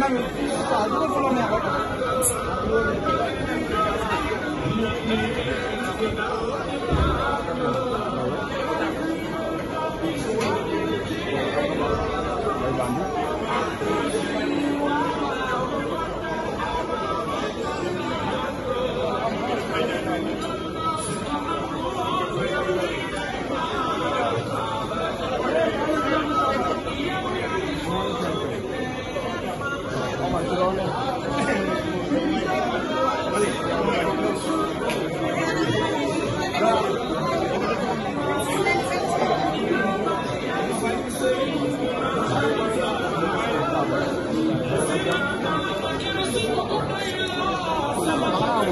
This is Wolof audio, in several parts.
nag waaw du def lu neex rek Thank you.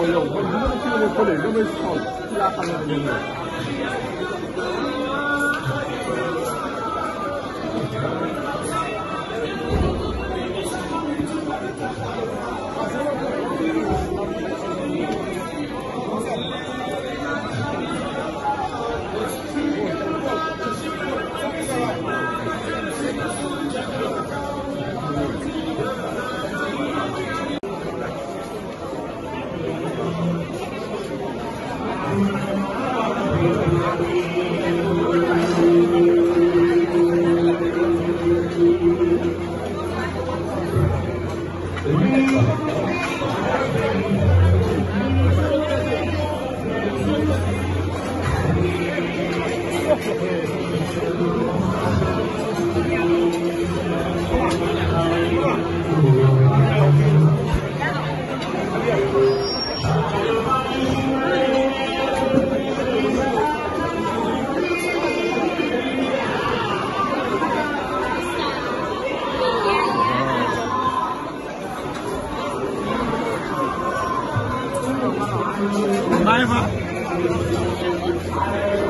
yow man bu ma la kiiwee fële damay soxla ci laa xam ne dañuy ñëw Amen.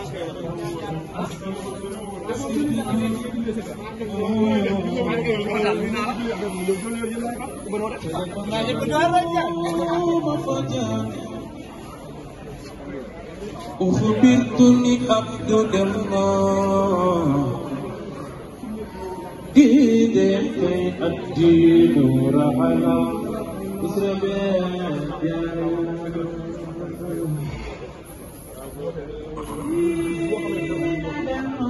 أخبرت العبد دمنا إيدي الدين رحلا إسرائيل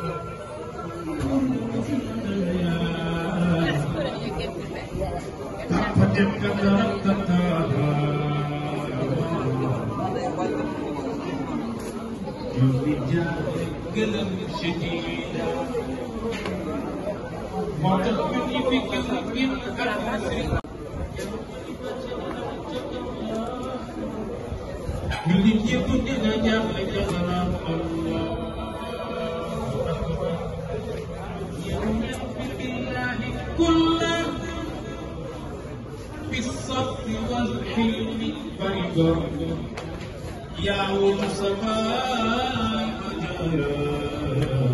You did you put in a jam like a يؤمن بالله كله بالصبر والحلم فيضر يا مصطفى